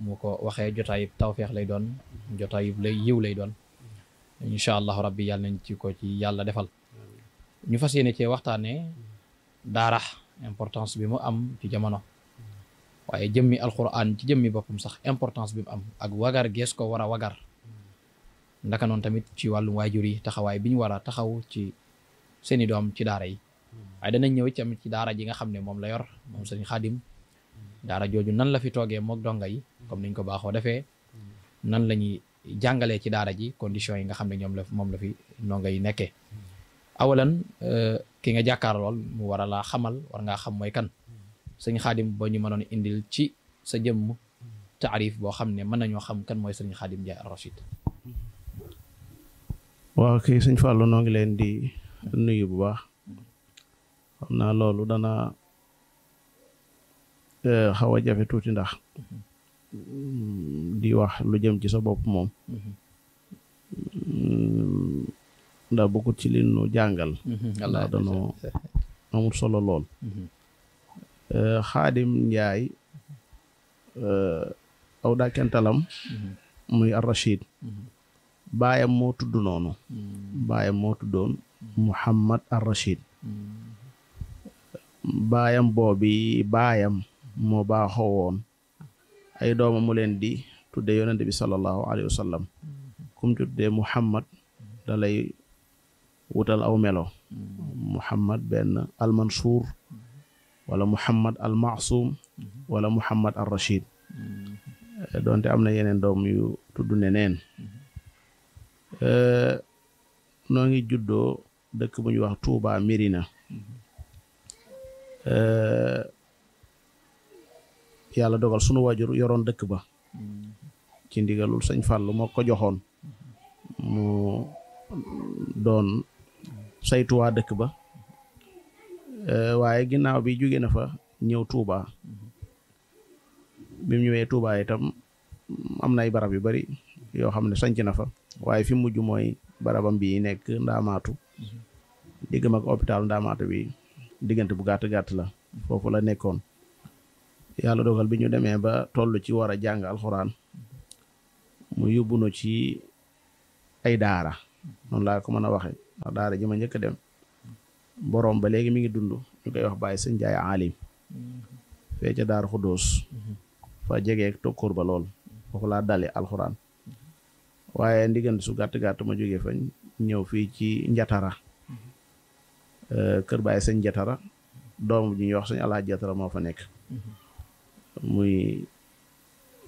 mu ko waxee jotaayub tawféex lay doon jotaayub lay yiw lay doon incha allahu rabbi yàlla nañ ci ko ci yàlla defal ñu fas yéene cee waxtaanee daara importance bi mu am ci jamono waaye jëmmi alquran ci jëmmi boppum sax importance bi mu am ak wagar gees ko war a wagar ndaka noon tamit ci wàllum waajur yi taxawaay bi ñu war a taxaw ci seeni doom ci daara yi waaye danañ ñëw ci am ci daara ji nga xam ne moom la yor moom sëriñ xaadim daara jooju nan la fi toogee mook donga yi comme niñ ko baaxoo defee nan la ñuy jàngalee ci daara ji conditions yi nga xam ne ñoom la moom la fi ndongo yi nekkee awalan euh, ki nga jàkkaar lool mu war a laa xamal war ngaa xam mooy kan sëñ xaadim boo ñu mënoon indil ci sa jëmm taarif boo xam ne mën nañoo xam kan mooy sëñ xaadim Njaay Ar-Rachid waaw kii sëñ Fàllu noo ngi leen di bu baax xam na loolu dana euh, xaw a jafe tuuti ndax mhm. Mm, di wax lu jëm ci sa bopp moom mm, ndax bokkut ci li nu jàngal mm-hmm. ndax danoo amul solo lool mm-hmm. eh, xaadim njaay eh, aw dàkkantalam mm-hmm. muy ar-Rashid baayam moo tudd noonu baayam moo tuddoon Muhammad ar baayam boobi baayam moo baaxoo woon ay doomam mu leen di tuddee yonente bi sallallahu alayhi wa kum tuddee muhammad da wutal aw melo muhammad benn almansuur wala muhammad al wala muhammad al rachid donte am na yeneen doom yu tudd ne eh, noo ngi juddoo dëkk bu ñuy wax Touba Mirina eh, yàlla dogal sunu waajur yoroon dëkk ba ci ndigalul sëñ Fàllu moo ko joxoon mu doon saytuwaa dëkk ba eh, waaye ginnaaw bi jóge na fa ñëw tuubaa bi mu ñëwee Touba itam am na ay barab yu bari yoo xam ne sanc na fa waaye fi mujj mooy barabam bi nekk ndaamaatu diggam ak hôpital ndaamaatu bi diggante bu gàtt gàtt la foofu la nekkoon yàlla dogal bi ñu demee ba toll ci war a jàng alxuraan mu yóbbu nu ci ay daara noonu laa ko mën a waxe ndax daara ji ma njëkk a dem boroom ba léegi mi ngi dund ñu koy wax bàyyi sëñ jaay aalim fee ca daar xudóos fa jegee tokkóor ba lool foofu laa dale alxuraan waaye ndiggante su gàtt ma jógee fañ ñëw fii ci njatara eh, kër baay sëñ jatara doom ji ñuy wax sëñ alaa jatara moo fa nekk muy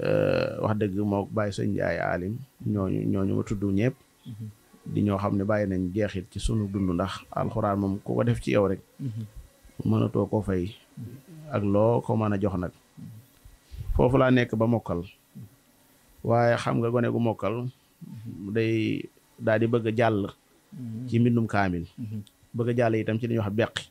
eh, wax dëgg moo bàyyi sëñ Njaay aalim ñooñu ñooñu ma tudd ñëpp mhm. di ñoo xam ne bàyyi nañ jeexit ci sunu dund ndax alxuraan moom ku ko def ci yow rek mhm. mënatoo koo fay ak loo ko mën a jox nag mhm. foofu laa nekk ba mokkal waaye xam nga gone gu mokkal day daal di bëgg a jàll ci mbindum kaamil bëgg jàll yi itam ci li wax beqi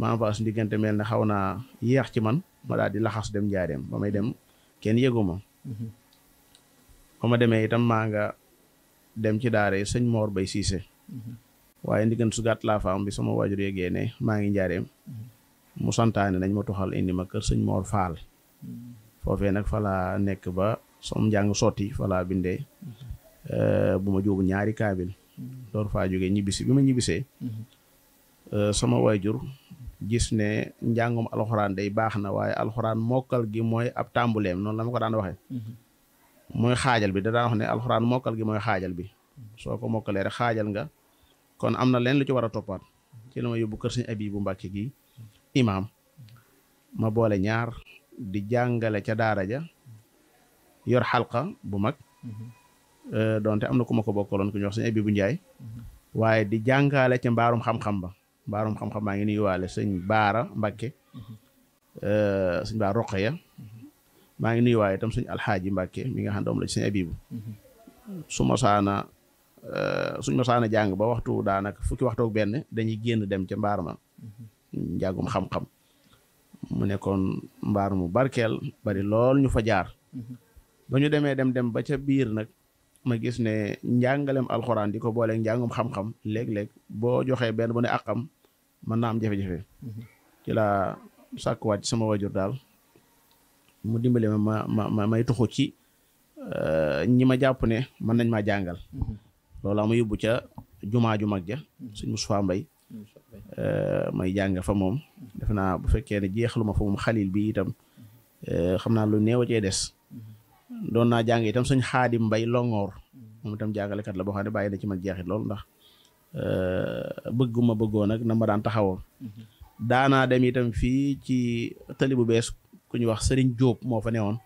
maam fa as ndiggante mel ne xaw naa yéex ci man ma daal di laxas dem njaareem ba may dem mhm. kenn yëgu ma mhm. ba ma demee itam maa nga dem ci daara yi sëñ moor Bay Siise mhm. waaye ndiggan su gàtt laa fa bi sama waajur yegee ne maa ngi njaareem mu santaane nañ ma toxal indi ma kër sëñ Mor Faal foofee nag falaa nekk ba som njàng sotti falaa bindee euh, bu ma jóobu ñaari kaabil door faa jógee ñibbisi bi ma ñibbisee euh, sama waajur gis ne njàngum alxuraan day baax na waaye alxuraan mokkal gi mooy ab tàmbuleem noonu la ma ko daan waxee. Mm-hmm. mooy xaajal bi da daan wax ne alxuraan mokkal gi mooy xaajal bi soo ko mokkalee rek xaajal nga kon am na leen lu ci war a toppaat ci la ma yóbbu kër sëñ bu Mbàkke gi imaam ma boole ñaar di jàngale ca daara ja yor xalqa bu mag mm-hmm. euh, donte am na ku ma ko bokkaloon ku ñuy wax sëñ Abibu Njaay mm-hmm. waaye di jàngale ca mbaarum xam-xam ba baarum xam-xam maa ngi nuyuwaale sëñ Baara Mbacke euh, sëñ Baara Roqeya maa ngi nuyuwaale itam sëñ Alxaaji Mbacke mi nga xam doom la ci sëñ Abibu su ma euh, suñ ma jàng ba waxtu daanaka fukki waxtu ak benn dañuy génn dem ca mbaar ma njàngum xam-xam mu nekkoon mbaar mu barkeel bari lool ñu fa jaar ba ñu demee dem dem ba ca biir nag ma gis ne njàngalem alxuraan di ko booleeg njàngum xam-xam léeg-léeg boo joxee benn bu ne àqam mën naa am jafe-jafe ci laa sàkkuwaat ci sama wajur daal mu dimbale ma ma ma may tuxu ci euh, ñi ma jàpp ne mën nañ ma jàngal loolu ma yóbbu ca jumaa ju mag ja suñ Moustapha Mbaye euh, may jàng fa moom def naa bu fekkee ne jeexlu ma fa moom xalil bi itam euh, xam naa lu néew a cee des doon naa jàng itam suñ xaadim mbay longoor moom itam jàngalekat la boo xam ne bàyyi na ci man jeexit lool ndax euh, bëgguma bëggoon ak na ma daan taxawoo daanaa dem itam fii ci tali bu bees ku ñu wax sëriñ Diop moo fa ne woon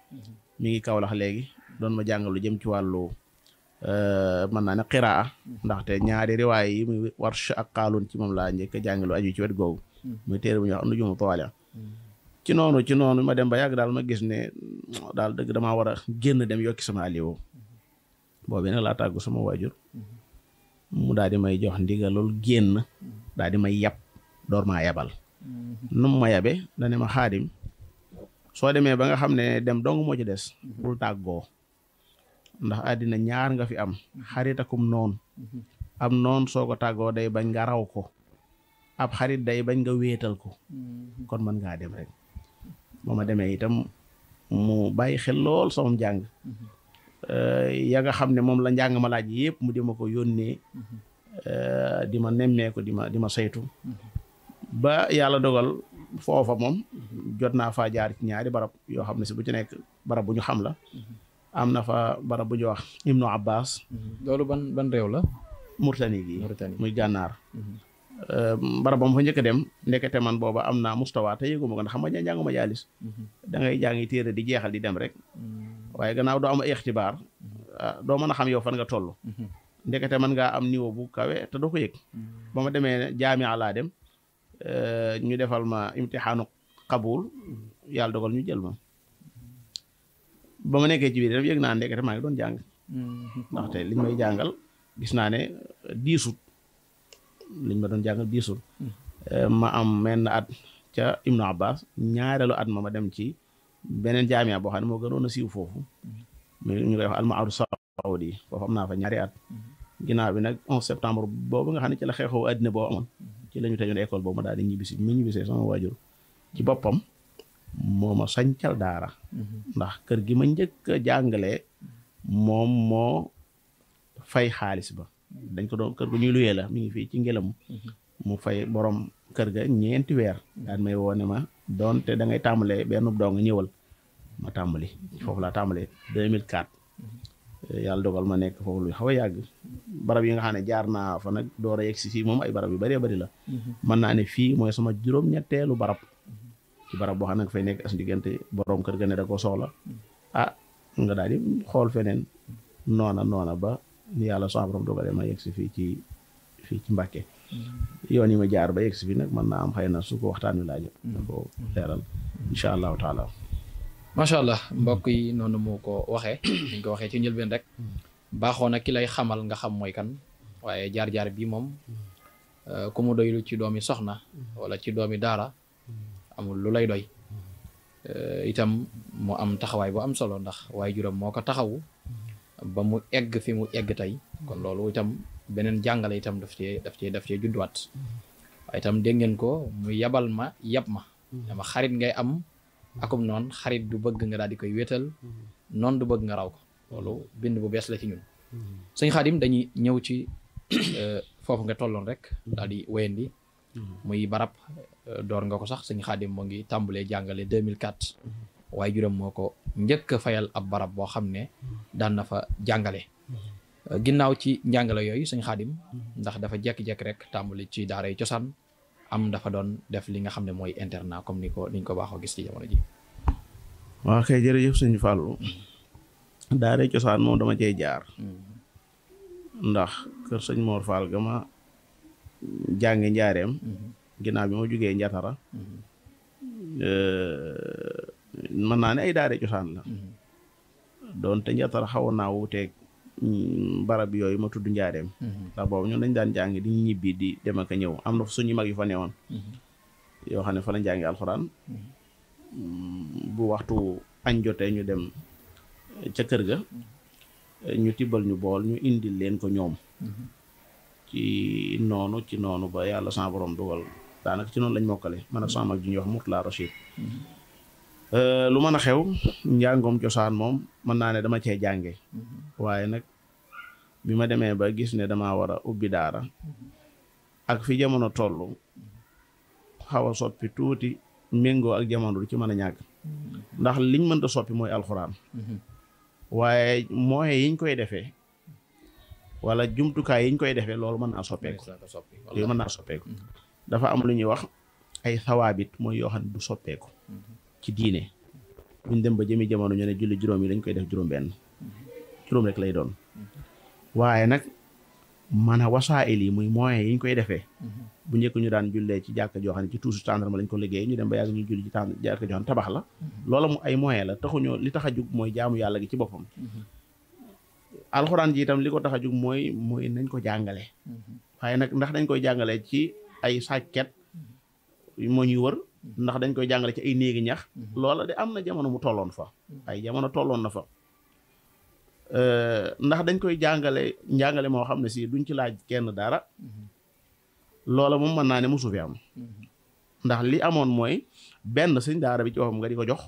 mu ngi Kawlax léegi doon ma jàngal jëm ci wàllu euh, mën naa ne qiraa ndaxte ñaari riwaay yi muy Warsh ak kaaloon ci moom laa njëkk a jàngalu aju ci wet googu muy téere bu ñuy wax am na jumu ci noonu ci noonu ma dem ba yàgg daal ma gis ne daal dëgg damaa war a génn dem yokki sama aliwo boobu nag laa tàggu sama waajur mu daal di may jox ndigalul génn daal di may yab door maa yabal nu ma yabe da ne ma xaadim soo demee ba nga xam ne dem dong moo ci des bul tàggoo ndax àddina ñaar nga fi am xarit akum noon am noon soo ko tàggoo day bañ nga raw ko ab xarit day bañ nga wéetal ko mm-hmm. kon mën ngaa dem rek ba ma demee itam mu bàyyi xel lool sama njàng eh, ya nga xam ne moom la njàng ma laaj yëpp mu di ma ko yónnee eh, di ma nemmeeku di di ma saytu ba yàlla dogal foofa moom jot naa faa jaar ñaari barab yoo xam ne si bu ci nekk barab bu ñu xam la am na fa barab bu ñu wax Ibnu Abbas loolu ban ban réew la Murtani gi muy gànnaar Euh, barabam fa njëkk a dem ndekete man booba am naa mustawa te yëguma ko xam nga ña jànguma jaalis mhm. da ngay jàngi téere di jeexal di dem rek mhm. waaye gannaaw doo am ixtibaar mhm. ah, doo mën a xam yow fan nga toll ndekete man ngaa am niveau bu kawe te doo ko yëg ba ma demee jaamia laa dem euh, ñu defal ma imtixaanu qabul yàlla dogal ñu jël ma ba ma nekkee ci biir def yëg naa ndekete maa ngi doon jàng ndaxte liñ may jàngal gis naa ne diisut liñ ma doon jàngal diisul hmm. eh, ma am menn at ca Ibnu Abbas ñaareelu at ma ma dem ci beneen jaamiya boo xam ne moo gënoon a siiw foofu hmm. ñu koy wax almaaru saudi foofu am naa fa ñaari at hmm. ginnaaw bi nag 11 septembre boobu nga xam ne ci la xeexoo àddina boo amoon ci la ñu tëjoon école boobu ma daal di ñibbisi ma ñibbisee sama waajur ci boppam moo ma sañcal daara ndax kër gi ma njëkk jàngale moom moo fay xaalis ba dañ ko doon kër gu ñuy luyee la mu ngi fii ci ngelam mm-hmm. mu fay boroom kër ga ñeenti weer daan may woo ne ma doonte da ngay tàmbalee benn dong ñëwal ma tàmbali foofu laa tàmbalee 2004 mm-hmm. yàlla dogal ma nekk foofu lu xaw a yàgg barab yi nga xam ne jaar naa fa nag door a yegg si fii moom ay barab yu baree bari la mm-hmm. mën naa ne fii mooy sama juróom-ñetteelu barab barab boo xam ne nga fay nekk as diggante borom kër ga ne da ko soxla ah nga daal di xool feneen noona noona ni yàlla sama borom dogale ma yegg si fii ci fii ci Mbàkke mm-hmm. yoon yi ma jaar ba yegg si nag man na am xëy na su ko waxtaan wi laaj mm-hmm. da ko mm-hmm. leeral incha allah mbokk yi noonu moo ko waxee dañ ko waxee ci njëlbeen rek baaxoo na ki lay xamal nga xam mooy kan waaye jaar-jaar bi moom euh, ku mu doylu ci doomi soxna wala ci doomi daara amul lu lay doy euh, itam mu am taxawaay bu am solo ndax waaye juróom moo ko taxawu ba mu egg fi mu egg tey kon loolu itam beneen jàngale itam daf ce daf ce daf cee judduwaat waaye itam dégg ngeen ko mu yabal ma yab ma dama xarit ngay am akum noon xarit du bëgg nga daal di koy wéetal noonu du bëgg nga raw ko loolu bind bu bees la ci ñun sëñ Xaadim dañuy ñëw ci euh, foofu nga tolloon rek daal di wéyandi muy barab euh, door nga ko sax sëñ Xaadim mu ngi tàmbalee jàngale 2004 waaye juróom moo ko njëkk a fayal ab barab boo xam ne mm-hmm. daan na fa jàngale. Mm-hmm. ginnaaw ci njàngale yooyu sëñ xaadim mm-hmm. ndax dafa jekki-jekki rek tàmbali ci daara cosaan am dafa doon def li nga xam ne mooy internat comme ni ko niñ ko baaxoo gis ci jamono ji. waaw kay jërëjëf sëñ Fallou daara cosaan moom dama cee jaar ndax kër sëñ Mor Fall ga ma jànge njaareem ginnaaw bi ma jógee njatara euh, mën naa ne ay daare cosaan la mhm. doonte njatar xawoon naa wuuteeg mm, barab yooyu ma tudd njaareem mhm. ndax boobu ñun dañ daan jàngi di ñibbi di dem ñëw am na suñu mag yu fa newoon mhm. yoo xam ne fa lañ jàngi alxuraan mm, bu waxtu añ jotee ñu dem ca kër ga ñu tibbal ñu bool ñu indil leen ko ñoom ci noonu ci noonu ba yàlla sama borom dugal daanaka ci noonu lañ mokkale man ak sama mag ji ñuy wax Murtala Rachid Euh, lu mën a xew njàngoom cosaan moom mën naa ne dama cee jànge waaye nag bi ma demee ba gis ne damaa war a ubbi daara ak fi jamono toll xaw a soppi tuuti méngoo ak jamono du ci mën a ñàkk ndax liñ mënta soppi mooy alxuraan waaye moyens yiñ koy defee walla jumtukaay yiñ koy defee loolu mën naa soppeeku yooyu mën naa soppeeku dafa am lu ñuy wax ay sawaabit mooy yoo xam ne du soppeeku mhm. ci diine buñ dem ba jëmi jamono ñu ne julli juróom yi dañ koy def juróom benn juróom rek lay doon waaye nag maanaam wasaa'il yi muy moyens yi ñu koy defee bu njëkk ñu daan jullee ci jàkka joo xam ne ci tuusu tàndarma lañ ko liggéey ñu dem ba yàgg ñu julli ci tànd jàkka joo tabax la loola mu ay moyens la taxuñoo li tax a jug mooy jaamu yàlla gi ci boppam alxuraan ji itam li ko tax a jug mooy mooy nañ ko jàngale mm-hmm. waaye nag ndax dañ koy jàngale ci ay sàkket moo ñuy wër ndax dañ koy jàngale ci ay néegi ñax mhm. loola de am na jamono mu tolloon fa mhm. ay jamono tolloon na fa euh, ndax dañ koy jàngale njàngale moo xam ne si duñ ci laaj kenn dara mhm. loola moom mën naa ne mosu fi am ndax li amoon mooy benn sëñ daara bi ci waxam nga di ko jox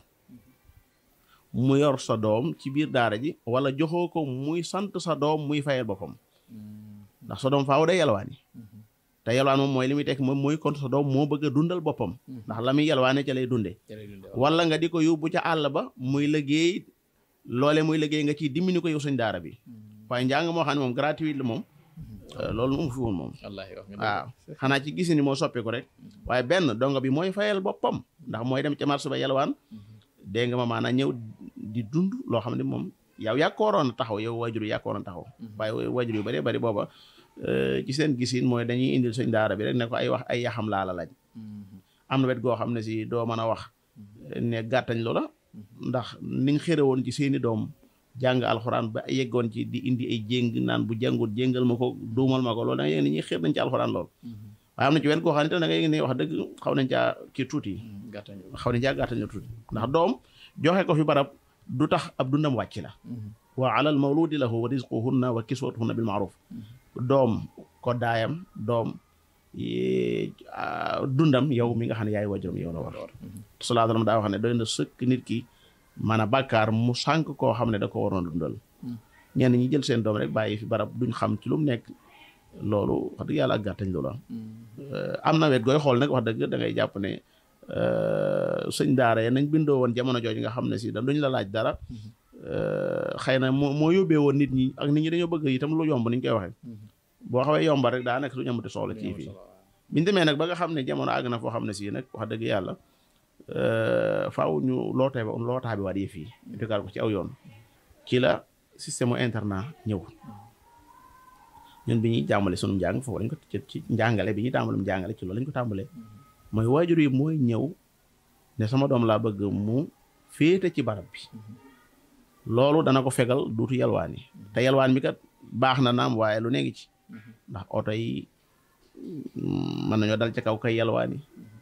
mu yor sa doom ci biir daara ji wala joxoo ko muy sant sa doom muy fayal boppam ndax sa doom faaw day yalwaani te yalwaan moom mooy li muy tekk moom mooy kon sa doom moo bëgg a dundal boppam hmm. ndax la muy yalwaane ca lay dunde wala nga di ko yóbbu ca àll ba muy liggéey loole muy liggéey nga ciy dimbini ko yow suñ daara bi hmm. waaye njàng moo xam ne moom gratuit la moom hmm. eh, loolu moom fi woon moom waaw xanaa ci gis ni moo soppiku rek waaye benn dongo bi mooy fayal boppam ndax mooy dem ca marché ba yalwaan dégg nga ma maanaam ñëw di dund loo xam ne moom yow yàkkooroon taxaw yow waajur yi yàkkooroon taxaw booba Euh, ci seen gisin mooy dañuy indil suñ daara bi rek ne ko ay wax ay yaxam laala lañ mm-hmm. am na wet goo xam ne si doo mën a wax mm-hmm. ne gàttañ loola mm-hmm. ndax niñ xëre woon ci seeni doom jàng alxuraan ba yeggoon ci di indi ay jéng naan bu jàngut jëngal ma ko duumal ma ko loolu da nga yëg ni ñuy xër nañ ci alxuraan lool waaye na ci wet goo xam ne da nga wax dëgg xaw nañ caa kii tuuti xaw nañ caa gàttañ la tuuti ndax doom joxe ko fi barab du tax ab dundam wàcc la wa alal mawludi na wa risquhunna wa na bil maaruf doom ko daayam doom eh, ah, dundam yow mi nga xam ne yaay wajuram yow la war mhm. sallallahu alayhi wa sallam daa wax ne doy na sëkk nit ki man a mu sànq koo xam ne da ko waroon dundal mhm. ñenn ñi jël seen doom rek bàyyi fi barab duñ xam ci lu mu nekk loolu wax dëgg yàlla ak gàttañ la mhm. eh, am na wet gooy xool nag wax dëgg da jàpp ne eh, sëñ daara ya nañ bindoo woon jamono jooju nga xam ne si da duñ la laaj dara xëy na moo moo yóbbee woon nit ñi ak nit ñi dañoo bëgg itam lu yomb koy waxee boo xawee yomba rek daa nekk du ñu amati soxla ci fii biñ demee nag ba nga xam ne jamono àgg na foo xam ne sii nag wax dëgg yàlla euh, faw ñu lootee ba lootaa bi waat yëf yi tegaat ko ci aw yoon ci la système u ñëw ñun bi ñuy jàmbale sunu njàng foofu lañ ko ci njàngale bi ñuy tàmbalum njàngale ci loolu ko tàmbalee mooy waajur yi mooy ñëw ne sama doom laa bëgg mu ci barab bi loolu dana ko fegal duutu yalwaan yi te yalwaan bi kat baax na naam waaye lu ne ngi ci Mm-hmm. ndax oto yi mm, mën nañoo dal ca kaw kay yalwaani mm-hmm.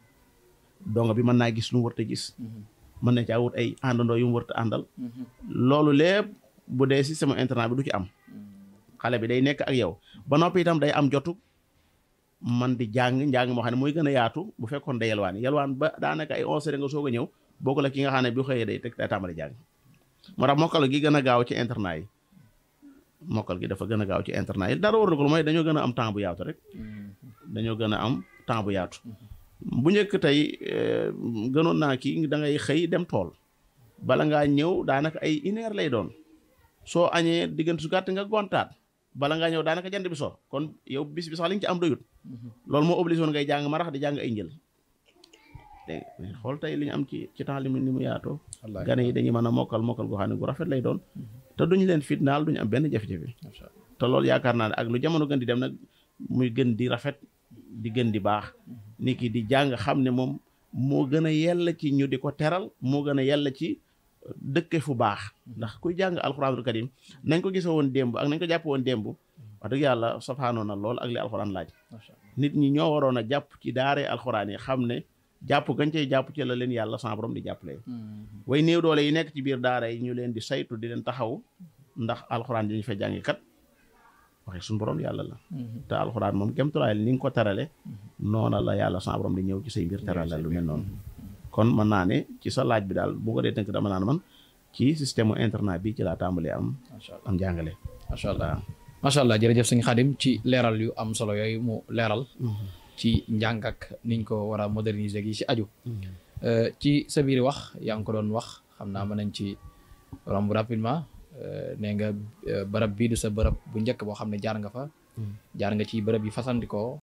donga bi mën naa gis lu wërta gis mm-hmm. mën na caa wut ay àndandoo yu mu wërta àndal loolu lépp bu dee système internet bi du ci am xale bi day nekk ak yow ba noppi itam day am jotu man di jàng njàng moo xam ne mooy gën a yaatu bu fekkoon day yalwaani yalwaan ba daanaka ay onze heures nga soog a ñëw bokk la ki nga xam ne bu xëyee day teg day tàmbali jàng moo tax mokkalu gi gën a gaaw ci internet yi mokkal gi dafa gën a gaaw ci internat yi dara waral ko mooy dañoo gën a am temps bu yaatu rek dañoo gën a am temps bu yaatu bu njëkk tey eh, gënoon naa ki da ngay xëy dem tool bala ngaa ñëw daanaka ay une lay doon soo añee diggante su gàtt nga gontaat bala ngaa ñëw daanaka jant bi so kon yow bis bi sax li nga ci am doyut loolu moo obligé woon ngay ma marax di jàng ay njël xool tey li ñu am ci ci temps li mu ni mu yaatoo gane yi dañu mën a mokkal mokkal goo xam ne gu rafet lay doon te duñ leen fitnaal duñ am benn jafe-jafe. te loolu yaakaar naa ne ak lu jamono gën di dem nag muy gën di rafet di gën di baax. Mm-hmm. nit ki di jàng xam ne moom moo gën a yella ci ñu di ko teral moo gën a yella ci dëkke fu baax. Mm-hmm. ndax kuy jàng alxuraanul karim nañ ko gisoo woon démb ak nañ ko jàpp woon démb. wax dëgg yàlla sofaanoon na lool ak li alxuraan laaj. nit ñi ñoo waroon a jàpp ci daaree alxuraan yi xam ne. jàpp gañ cay jàpp ci la leen yàlla sama borom di jàppale. Mm-hmm. way néew doole yi nekk ci biir daara yi ñu leen di saytu di leen taxaw ndax alxuraan yi ñu fa jàngi kat waxe suñu borom yàlla la. Mm-hmm. te alxuraan moom kemtulaay ni nga ko terale mm-hmm. noona la yàlla sama borom di ñëw ci say mbir terale lu mel noonu. kon mën naa ne ci sa laaj bi daal bu ko dee tënk dama naan man ci système internat bi ci laa tàmbalee am. am jàngale. macha allah macha allah jërëjëf Xadim ci leeral yu am solo yooyu mu leeral. ci njàng ak niñ ko war a moderniser gi ci aju mhm. euh, ci sa biir wax yaa ngi ko doon wax xam naa ma nañ ci romb rapidement euh, nee nga euh, barab bii du sa barab bu njëkk boo xam ne jaar nga fa mhm. jaar nga ci barab yi fasantikoo